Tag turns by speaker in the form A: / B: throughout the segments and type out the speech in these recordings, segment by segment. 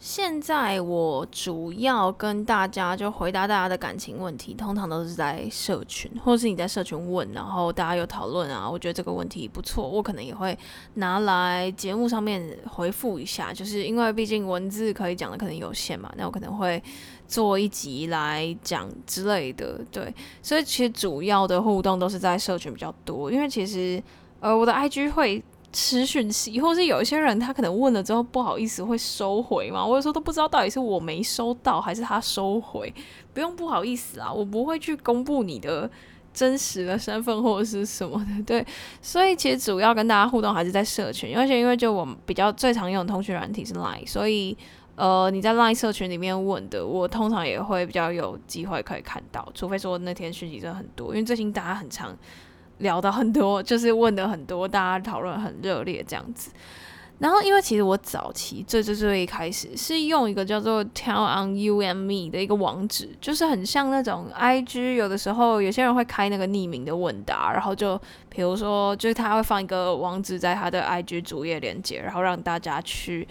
A: 現在我主要跟大家就回答大家的感情問題，通常都是在社群，或是你在社群問，然後大家有討論啊，我覺得這個問題不錯，我可能也會拿來節目上面回復一下，就是因為畢竟文字可以講的可能有限嘛，那我可能會做一集來講之類的，對，所以其實主要的互動都是在社群比較多，因為其實呃我的 IG 會。私訊息，或是有一些人他可能問了之後不好意思會收回嘛？我有時候都不知道到底是我沒收到還是他收回，不用不好意思啊，我不會去公布你的真實的身份或者是什麼的。對，所以其實主要跟大家互動還是在社群，而且因為就我們比較最常用的通訊軟體是 Line，所以呃你在 Line 社群裡面問的，我通常也會比較有機會可以看到，除非說那天訊息真的很多，因為最近大家很常。聊到很多，就是問的很多，大家討論很熱烈這樣子。然後，因為其實我早期最最最一開始是用一個叫做 Tell on You and Me 的一個網址，就是很像那種 IG，有的時候有些人會開那個匿名的問答，然後就比如說，就是他會放一個網址在他的 IG 主頁鏈接，然後讓大家去，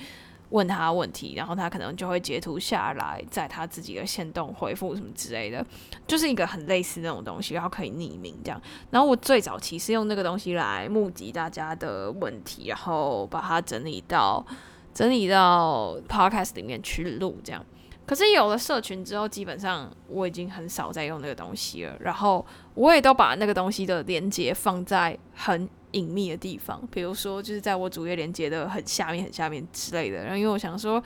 A: 問他問題，然後他可能就會截圖下來，在他自己的限動回復什麼之類的，就是一個很類似的那種東西，然後可以匿名這樣。然後我最早期是用那個東西來募集大家的問題，然後把它整理到整理到 podcast 裡面去錄這樣。可是有了社群之後，基本上我已經很少再用那個東西了。然後我也都把那個東西的連接放在很隱秘的地方，比如說就是在我主頁鏈接的很下面、很下面之類的。然後因為我想說，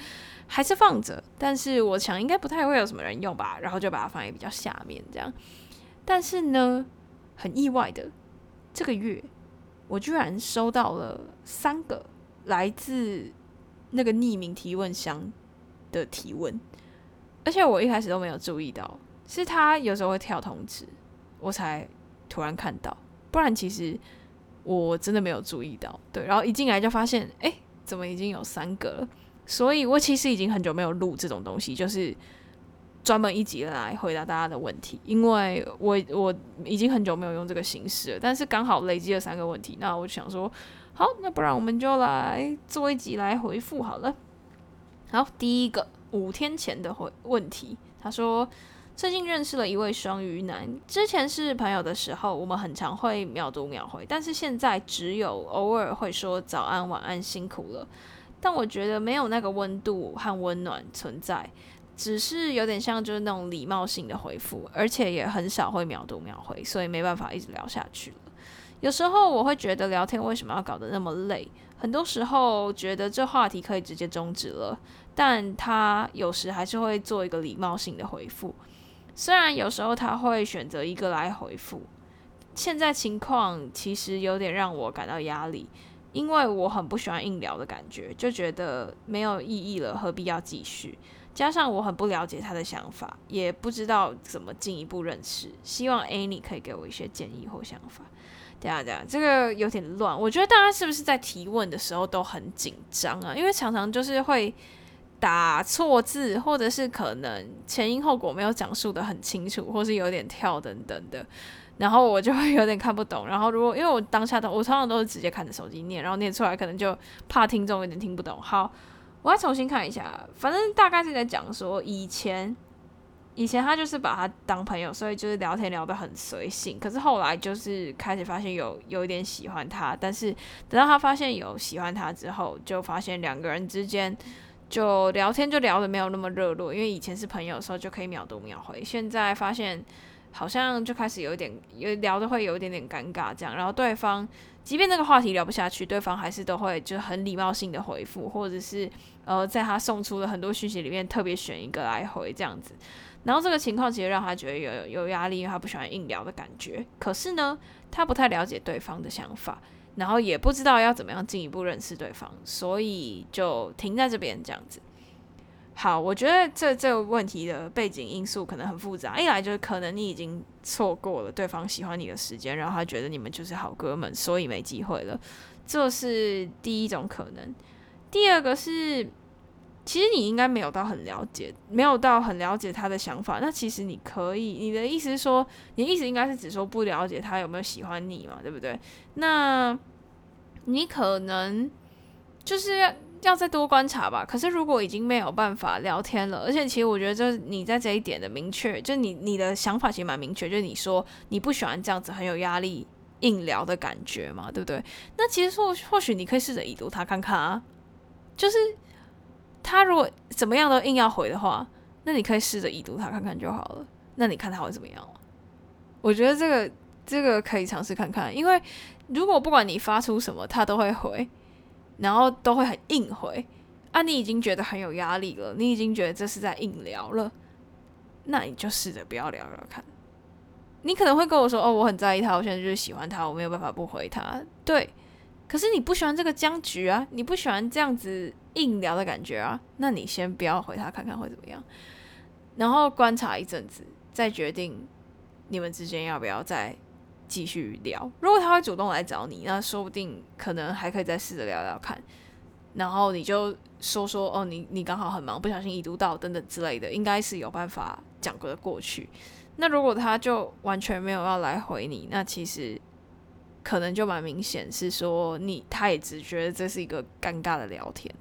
A: 還是放着，但是我想應該不太會有什麼人用吧，然後就把它放在比較下面這樣。但是呢，很意外的，這個月我居然收到了三個來自那個匿名提問箱的提問，而且我一開始都沒有注意到，是他有時候會跳通知，我才突然看到，不然其實。我真的沒有注意到，對，然後一進來就發現，欸，怎麼已經有三個了？所以我其實已經很久沒有錄這種東西，就是專門一集來回答大家的問題，因為我我已經很久沒有用這個形式了。但是剛好累積了三個問題，那我想說，好，那不然我們就來做一集來回復好了。好，第一個，五天前的回問題，他說。最近認識了一位雙魚男，之前是朋友的時候，我們很常會秒讀秒回，但是現在只有偶爾會說早安、晚安、辛苦了，但我覺得沒有那個溫度和溫暖存在，只是有點像就是那種禮貌性的回復，而且也很少會秒讀秒回，所以沒辦法一直聊下去了。有時候我會覺得聊天為什麼要搞得那麼累？很多時候覺得這話題可以直接終止了，但他有時還是會做一個禮貌性的回復。雖然有時候他會選擇一個來回復，現在情況其實有點讓我感到壓力，因為我很不喜歡硬聊的感覺，就覺得沒有意義了，何必要繼續？加上我很不了解他的想法，也不知道怎麼進一步認識。希望 Annie 可以給我一些建議或想法。等下等下，這個有點亂。我覺得大家是不是在提問的時候都很緊張啊？因為常常就是會。打錯字，或者是可能前因後果沒有講述得很清楚，或是有點跳等等的，然後我就會有點看不懂。然後如果因為我當下的我常常都是直接看着手機念，然後念出來可能就怕聽眾有點聽不懂。好，我要重新看一下，反正大概是在講說以前以前他就是把他當朋友，所以就是聊天聊得很隨性。可是後來就是開始發現有有一點喜歡他，但是等到他發現有喜歡他之後，就發現兩個人之間。就聊天就聊的沒有那麼熱絡，因為以前是朋友的時候就可以秒讀秒回，現在發現好像就開始有一點，有聊的會有一點點尷尬這樣，然後對方即便那個話題聊不下去，對方還是都會就很禮貌性的回復，或者是呃在他送出的很多訊息裡面特別選一個來回這樣子，然後這個情況其實讓他覺得有有壓力，因為他不喜歡硬聊的感覺，可是呢他不太了解對方的想法。然後也不知道要怎麼樣進一步認識對方，所以就停在這邊這樣子。好，我覺得這這個問題的背景因素可能很複雜。一來就是可能你已經錯過了對方喜歡你的時間，然後他覺得你們就是好哥們，所以沒機會了。這是第一種可能。第二個是。其實你應該沒有到很了解，沒有到很了解他的想法。那其實你可以，你的意思是說，你的意思應該是只說不了解他有沒有喜歡你嘛，對不對？那你可能就是要，要再多觀察吧。可是如果已經沒有辦法聊天了，而且其實我覺得，就你在這一點的明確，就你你的想法其實蠻明確，就是你說你不喜歡這樣子很有壓力硬聊的感覺嘛，對不對？那其實或或許你可以試着已讀他看看啊，就是。他如果怎麼樣都硬要回的話，那你可以試着已讀他看看就好了。那你看他會怎麼樣？我覺得這個這個可以嘗試看看，因為如果不管你發出什麼，他都會回，然後都會很硬回，啊，你已經覺得很有壓力了，你已經覺得這是在硬聊了，那你就試着不要聊聊看。你可能會跟我說：“哦，我很在意他，我現在就是喜歡他，我沒有辦法不回他。”對，可是你不喜歡這個僵局啊，你不喜歡這樣子。硬聊的感覺啊，那你先不要回他，看看會怎麼樣，然後觀察一陣子，再決定你們之間要不要再繼續聊。如果他會主動來找你，那說不定可能還可以再試着聊聊看。然後你就說說哦，你你剛好很忙，不小心已讀到等等之類的，應該是有辦法講過的過去。那如果他就完全沒有要來回你，那其實可能就蠻明顯是說你他也只覺得這是一個尷尬的聊天。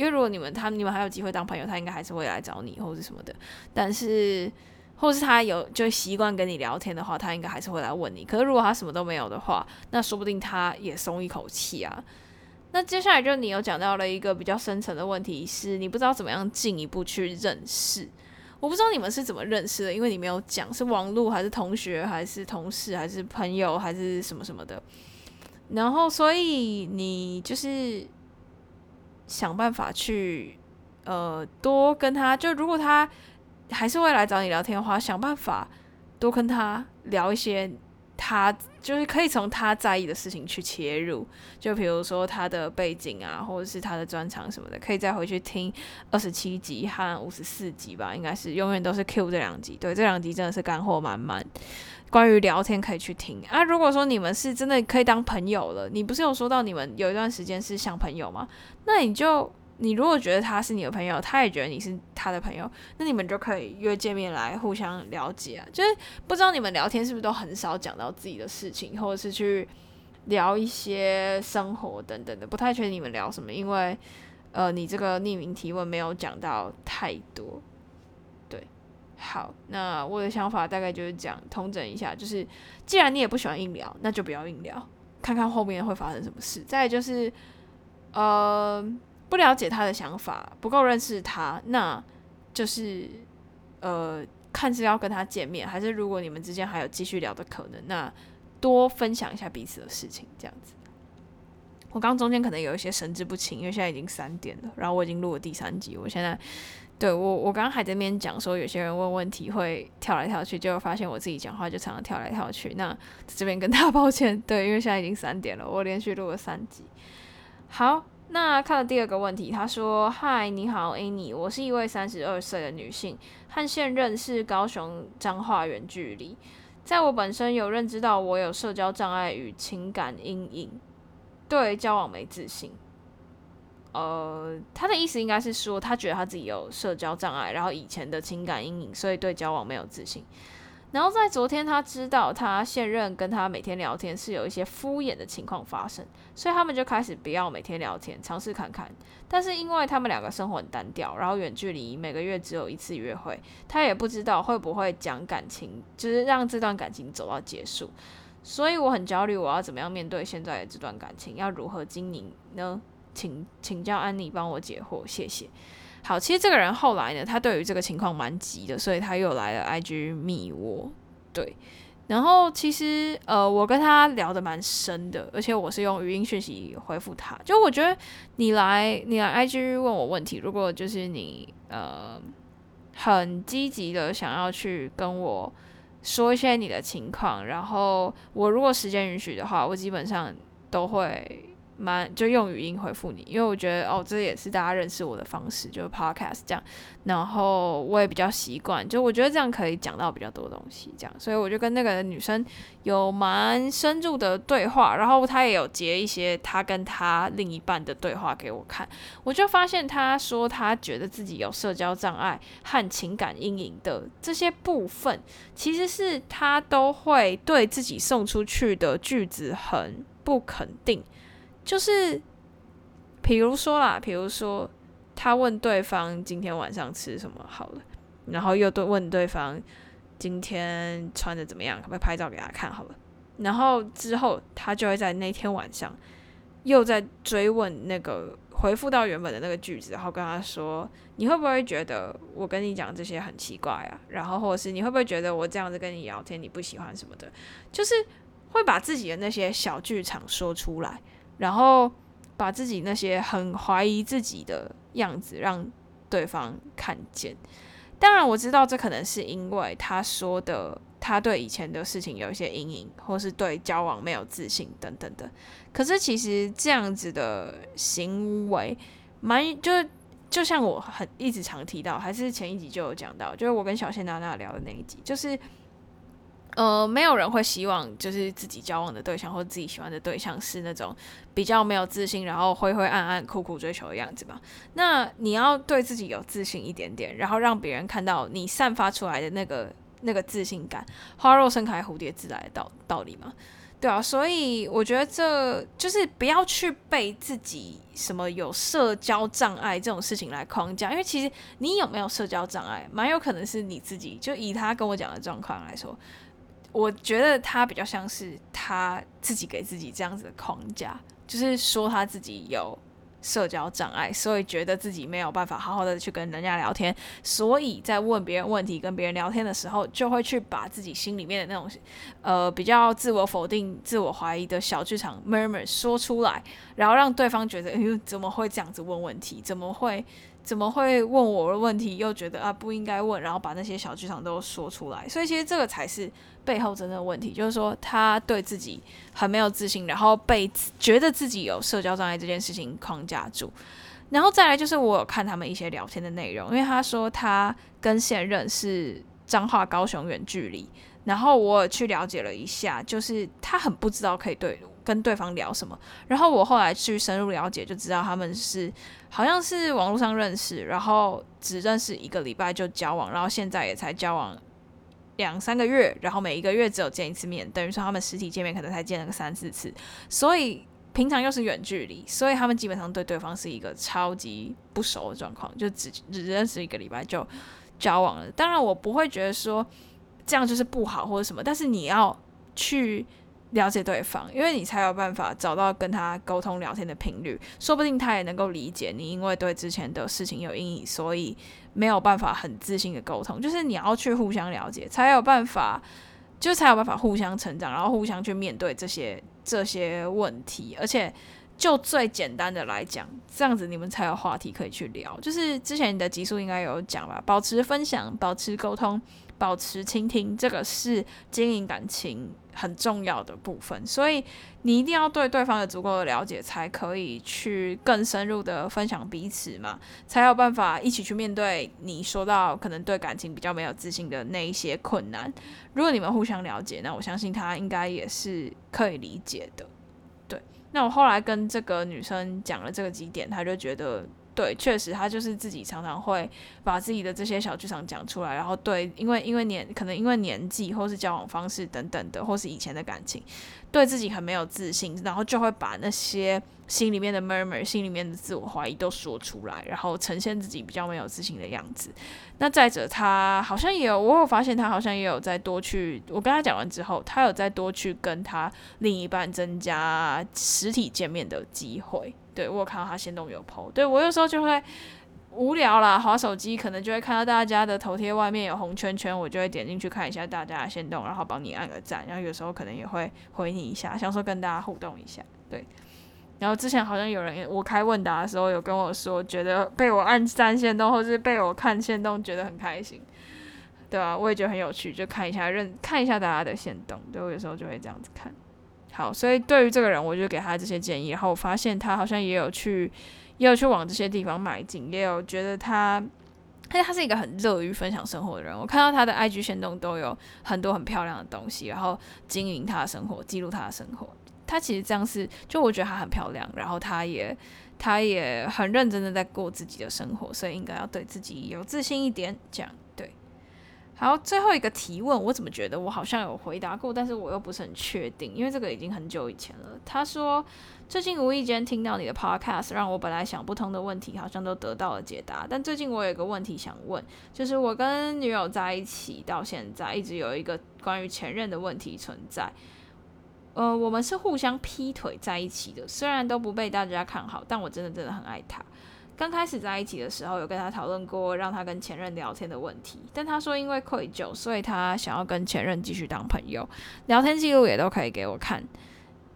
A: 因為如果你們他你們還有機會當朋友，他應該還是會來找你或者什麼的。但是，或是他有就習慣跟你聊天的話，他應該還是會來問你。可是如果他什麼都沒有的話，那說不定他也鬆一口氣啊。那接下來就你有講到了一個比較深層的問題，是你不知道怎麼樣進一步去認識。我不知道你們是怎麼認識的，因為你沒有講是網路還是同學還是同事還是朋友還是什麼什麼的。然後，所以你就是。想辦法去，呃，多跟他，就如果他還是會來找你聊天的話，想辦法多跟他聊一些他，他就是可以從他在意的事情去切入，就比如說他的背景啊，或者是他的專長什麼的，可以再回去聽二十七集和五十四集吧，應該是永遠都是 Q 這兩集，對，這兩集真的是乾貨滿滿。關於聊天可以去聽啊。如果說你們是真的可以當朋友了，你不是有說到你們有一段時間是像朋友嗎？那你就你如果覺得他是你的朋友，他也覺得你是他的朋友，那你們就可以約見面來互相了解啊。就是不知道你們聊天是不是都很少講到自己的事情，或者是去聊一些生活等等的，不太確定你們聊什麼，因為呃，你這個匿名提問沒有講到太多。好，那我的想法大概就是講，通整一下，就是既然你也不喜歡硬聊，那就不要硬聊，看看後面會發生什麼事。再就是，呃，不了解他的想法，不夠認識他，那就是呃，看是要跟他見面，還是如果你們之間還有繼續聊的可能，那多分享一下彼此的事情，這樣子。我剛中間可能有一些神志不清，因為現在已經三點了，然後我已經錄了第三集，我現在。對我，我剛剛還在那邊講說，有些人問問題會跳來跳去，結果發現我自己講話就常常跳來跳去。那這邊跟大家抱歉，對，因為現在已經三點了，我連續錄了三集。好，那看到第二個問題，他說：“嗨，你好，Annie，我是一位三十二歲的女性，和現任是高雄彰化遠距離，在我本身有認知到我有社交障礙與情感陰影，對，交往沒自信。”呃，他的意思應該是說，他覺得他自己有社交障礙，然後以前的情感陰影，所以對交往沒有自信。然後在昨天，他知道他現任跟他每天聊天是有一些敷衍的情況發生，所以他們就開始不要每天聊天，嘗試看看。但是因為他們兩個生活很單調，然後遠距離，每個月只有一次約會，他也不知道會不會講感情，就是讓這段感情走到結束。所以我很焦慮，我要怎麼樣面對現在的這段感情，要如何經營呢？請請教安妮幫我解惑，謝謝。好，其實這個人後來呢，他對於這個情況蠻急的，所以他又來了 IG 密我。對，然後其實呃，我跟他聊得蠻深的，而且我是用語音訊息回復他。就我覺得你來你來 IG 問我問題，如果就是你呃很積極的想要去跟我說一些你的情況，然後我如果時間允許的話，我基本上都會。蠻就用語音回覆你，因為我覺得哦，這也是大家認識我的方式，就是 Podcast 這樣。然後我也比較習慣，就我覺得這樣可以講到比較多東西，這樣。所以我就跟那個女生有蠻深入的對話，然後她也有截一些她跟她另一半的對話給我看。我就發現她說她覺得自己有社交障礙和情感陰影的這些部分，其實是她都會對自己送出去的句子很不肯定。就是，比如說啦，比如說他問對方今天晚上吃什麼好了，然後又對問對方今天穿的怎麼樣，可不可以拍照給他看好了。然後之後他就會在那天晚上又再追問那個回復到原本的那個句子，然後跟他說：“你會不會覺得我跟你講這些很奇怪啊？”然後或者是你會不會覺得我這樣子跟你聊天你不喜歡什麼的？就是會把自己的那些小劇場說出來。然後把自己那些很懷疑自己的樣子讓對方看見。當然我知道這可能是因為他說的，他對以前的事情有一些陰影，或是對交往沒有自信等等的。可是其實這樣子的行為蠻，蠻就是就像我很一直常提到，還是前一集就有講到，就是我跟小仙娜娜聊的那一集，就是。呃，沒有人會希望就是自己交往的對象或自己喜歡的對象是那種比較沒有自信，然後灰灰暗暗、苦苦追求的樣子吧？那你要對自己有自信一點點，然後讓別人看到你散發出來的那個那個自信感，花若盛開，蝴蝶自來的道，道道理嘛？對啊。所以我覺得這就是不要去被自己什麼有社交障礙這種事情來框架，因為其實你有沒有社交障礙，蠻有可能是你自己就以他跟我講的狀況來說。我覺得他比較像是他自己給自己這樣子的框架，就是說他自己有社交障礙，所以覺得自己沒有辦法好好的去跟人家聊天，所以在問別人問題、跟別人聊天的時候，就會去把自己心裡面的那種呃比較自我否定、自我懷疑的小劇場 murmur 說出來，然後讓對方覺得，誒，怎麼會這樣子問問題？怎麼會？怎麼會問我的問題，又覺得啊不應該問，然後把那些小劇場都說出來。所以其實這個才是背後真正的問題，就是說他對自己很沒有自信，然後被覺得自己有社交障礙這件事情框架住。然後再來就是我有看他們一些聊天的內容，因為他說他跟現任是彰化高雄遠距離，然後我去了解了一下，就是他很不知道可以對。跟對方聊什麼？然後我後來去深入了解，就知道他們是好像是網絡上認識，然後只認識一個禮拜就交往，然後現在也才交往兩三個月，然後每一個月只有見一次面，等於說他們實體見面可能才見了個三四次，所以平常又是遠距離，所以他們基本上對對方是一個超級不熟的狀況，就只只認識一個禮拜就交往了。當然，我不會覺得說這樣就是不好或者什麼，但是你要去。了解對方，因為你才有辦法找到跟他溝通聊天的頻率，說不定他也能夠理解你，因為對之前的事情有陰影，所以沒有辦法很自信的溝通。就是你要去互相了解，才有辦法，就才有辦法互相成長，然後互相去面對這些這些問題，而且。就最簡單的來講，這樣子你們才有話題可以去聊。就是之前你的集數應該有講吧，保持分享，保持溝通，保持傾聽，這個是經營感情很重要的部分。所以你一定要對對方有足夠的了解，才可以去更深入的分享彼此嘛，才有辦法一起去面對你說到可能對感情比較沒有自信的那一些困難。如果你們互相了解，那我相信他應該也是可以理解的，對。那我後來跟這個女生講了這個幾點，她就覺得。對，確實，他就是自己常常會把自己的這些小劇場講出來，然後對，因為因為年可能因為年紀或是交往方式等等的，或是以前的感情，對自己很沒有自信，然後就會把那些心裡面的 murmur，心裡面的自我懷疑都說出來，然後呈現自己比較沒有自信的樣子。那再者，他好像也有，我有發現他好像也有在多去，我跟他講完之後，他有再多去跟他另一半增加實體見面的機會。對，我有看到他限動有 po。對，我有時候就會無聊啦，滑手機，可能就會看到大家的頭貼外面有紅圈圈，我就會點進去看一下大家的限動，然後幫你按個讚，然後有時候可能也會回你一下，想說跟大家互動一下。對，然後之前好像有人，我開問答的時候有跟我說，覺得被我按讚限動，或是被我看限動，覺得很開心。對啊，我也覺得很有趣，就看一下認看一下大家的限動。對，我有時候就會這樣子看。好，所以對於這個人，我就給他這些建議。然後我發現他好像也有去，也有去往這些地方買景，也有覺得他，而且他是一個很樂於分享生活的人。我看到他的 IG 限動都有很多很漂亮的東西，然後經營他的生活，記錄他的生活。他其實這樣是，就我覺得他很漂亮，然後他也他也很認真的在過自己的生活，所以應該要對自己有自信一點，這樣。好，最後一個提問，我怎麼覺得我好像有回答過，但是我又不是很確定，因為這個已經很久以前了。他說，最近無意間聽到你的 Podcast，讓我本來想不通的問題好像都得到了解答。但最近我有一個問題想問，就是我跟女友在一起到現在，一直有一個關於前任的問題存在。呃，我們是互相劈腿在一起的，雖然都不被大家看好，但我真的真的很愛他。剛開始在一起的時候，有跟他討論過讓他跟前任聊天的問題，但他說因為愧疚，所以他想要跟前任繼續當朋友，聊天記錄也都可以給我看。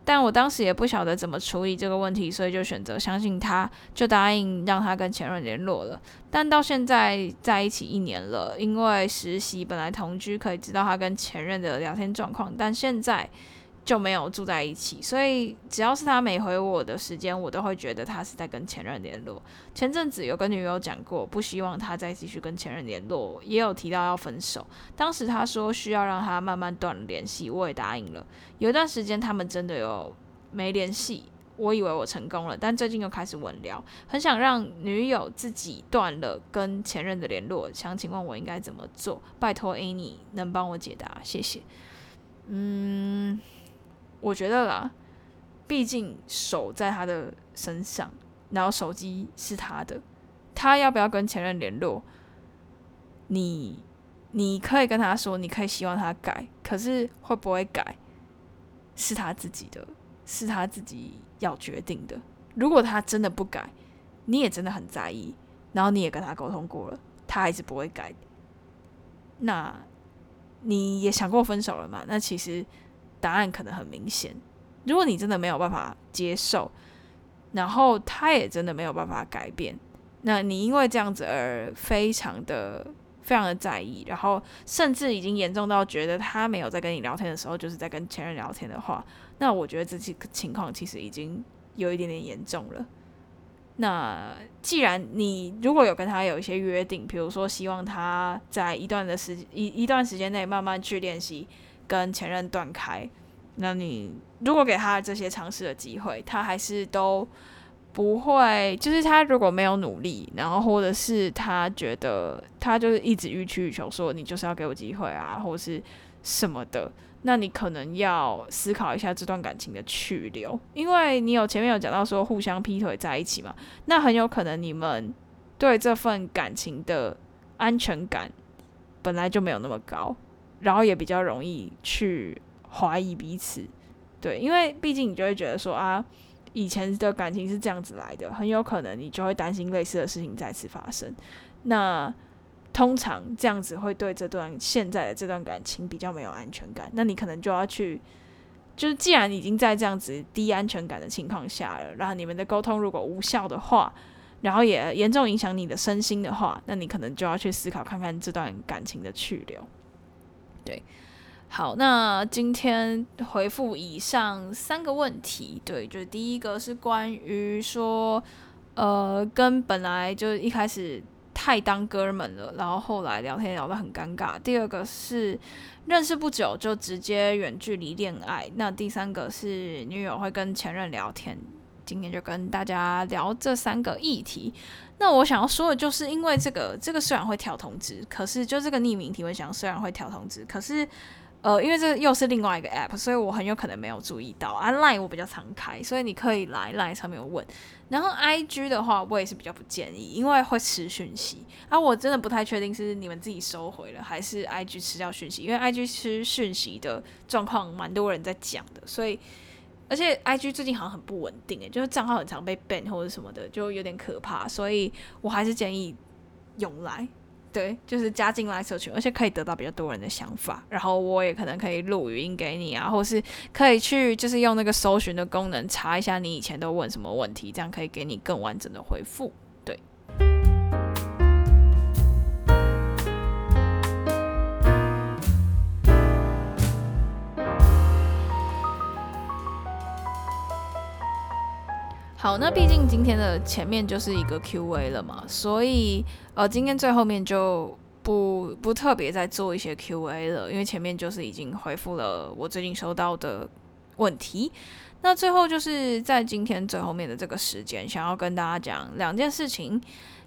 A: 但我當時也不曉得怎麼處理這個問題，所以就選擇相信他，就答應讓他跟前任聯絡了。但到現在，在一起一年了，因為實習本來同居，可以知道他跟前任的聊天狀況，但現在，就沒有住在一起，所以只要是他沒回我的時間，我都會覺得他是在跟前任聯絡。前陣子有跟女友講過，不希望他再繼續跟前任聯絡，也有提到要分手。當時他說需要讓他慢慢斷聯繫，我也答應了。有一段時間他們真的有沒聯繫，我以為我成功了，但最近又開始穩聊。很想讓女友自己斷了跟前任的聯絡，想請問我應該怎麼做？拜託，Annie 能幫我解答？謝謝。嗯。我覺得啦，畢竟手在他的身上，然後手機是他的，他要不要跟前任聯絡？你，你可以跟他說，你可以希望他改，可是會不會改，是他自己的，是他自己要決定的。如果他真的不改，你也真的很在意，然後你也跟他溝通過了，他還是不會改，那你也想過分手了嗎？那其實。答案可能很明顯。如果你真的沒有辦法接受，然後他也真的沒有辦法改變，那你因為這樣子而非常的、非常的在意，然後甚至已經嚴重到覺得他沒有在跟你聊天的時候就是在跟前任聊天的話，那我覺得這個情況其實已經有一點點嚴重了。那既然你如果有跟他有一些約定，比如說希望他在一段的時一一段時間內慢慢去練習。跟前任斷開，那你如果給他這些嘗試的機會，他還是都不會，就是他如果沒有努力，然後或者是他覺得他就是一直予取予求，說你就是要給我機會啊，或者是什麼的，那你可能要思考一下這段感情的去留，因為你有前面有講到說互相劈腿在一起嘛，那很有可能你們對這份感情的安全感本來就沒有那麼高。然後也比較容易去懷疑彼此，對，因為畢竟你就會覺得說啊，以前的感情是這樣子來的，很有可能你就會擔心類似的事情再次發生。那通常這樣子會對這段現在的這段感情比較沒有安全感。那你可能就要去，就是既然已經在這樣子低安全感的情況下了，然後你們的溝通如果無效的話，然後也嚴重影響你的身心的話，那你可能就要去思考看看這段感情的去留。對，好，那今天回復以上三個問題。對，就是第一個是關於說，呃，跟本來就一開始太當哥們了，然後後來聊天聊得很尷尬。第二個是認識不久就直接遠距離戀愛。那第三個是女友會跟前任聊天。今天就跟大家聊這三個議題。那我想要說的，就是因為這個，這個雖然會跳通知，可是就這個匿名提問箱雖然會跳通知，可是呃，因為這又是另外一個 app，所以我很有可能沒有注意到。啊，line 我比較常開，所以你可以來 Line 上面問。然後 IG 的話，我也是比較不建議，因為會吃訊息。啊，我真的不太確定是你們自己收回了，還是 IG 吃掉訊息。因為 IG 吃訊息的狀況蠻多人在講的，所以。而且，IG 最近好像很不穩定、欸，哎，就是賬號很常被 ban 或者什麼的，就有點可怕。所以我還是建議用來，對，就是加進來社群，而且可以得到比較多人的想法。然後我也可能可以錄語音給你啊，或是可以去就是用那個搜尋的功能查一下你以前都問什麼問題，這樣可以給你更完整的回復。好，那畢竟今天的前面就是一個 Q&A 了嘛，所以呃，今天最後面就不不特別再做一些 Q&A 了，因為前面就是已經回復了我最近收到的問題。那最後就是在今天最後面的這個時間，想要跟大家講兩件事情。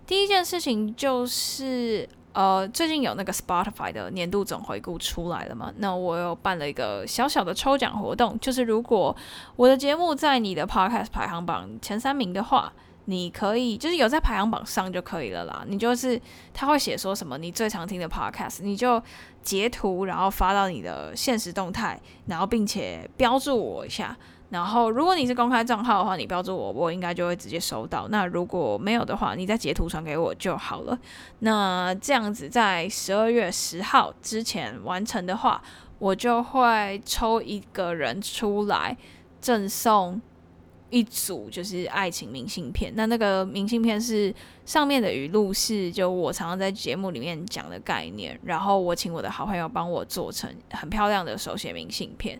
A: 第一件事情就是。呃，最近有那個 Spotify 的年度總回顧出來了嘛。那我又辦了一個小小的抽獎活動，就是如果我的節目在你的 Podcast 排行榜前三名的話，你可以就是有在排行榜上就可以了啦。你就是他會寫說什麼你最常聽的 Podcast，你就截圖然後發到你的現實動態，然後並且標注我一下。然後，如果你是公開賬號的話，你標注我，我應該就會直接收到。那如果沒有的話，你再截圖傳給我就好了。那這樣子在十二月十號之前完成的話，我就會抽一個人出來贈送一組，就是愛情明信片。那那個明信片是上面的語錄是就我常常在節目裡面講的概念，然後我請我的好朋友幫我做成很漂亮的手寫明信片。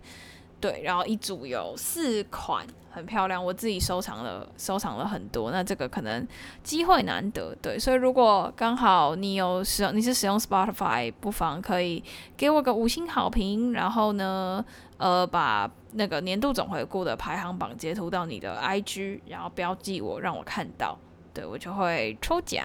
A: 對，然後一組有四款，很漂亮，我自己收藏了，收藏了很多。那這個可能機會難得，對，所以如果剛好你有使用，你是使用 Spotify，不妨可以給我個五星好評，然後呢，呃，把那個年度總回顧的排行榜截圖到你的 IG，然後標記我，讓我看到，對，我就會抽獎。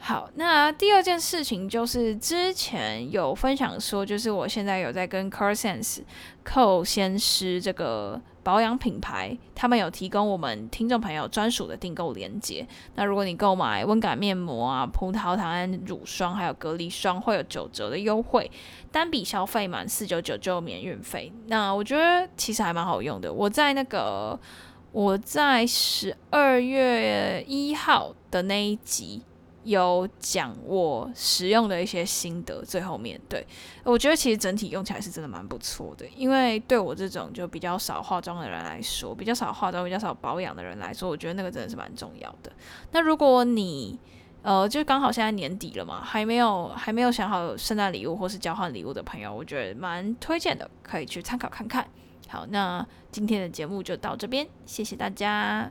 A: 好，那第二件事情就是之前有分享說，就是我現在有在跟 CoreSence 蔻仙詩這個保養品牌，他們有提供我們聽眾朋友專屬的訂購鏈接。那如果你購買溫感面膜啊、葡萄糖胺乳霜還有隔離霜，會有九折的優惠，單筆消費滿四九九就免運費。那我覺得其實還蠻好用的。我在那個我在十二月一號的那一集。有講我使用的一些心得，最後面對，我覺得其實整體用起來是真的蠻不錯的。因為對我這種就比較少化妝的人來說，比較少化妝、比較少保養的人來說，我覺得那個真的是蠻重要的。那如果你，呃，就剛好現在年底了嘛，還沒有還沒有想好聖誕禮物或是交換禮物的朋友，我覺得蠻推薦的，可以去參考看看。好，那今天的節目就到這邊，謝謝大家。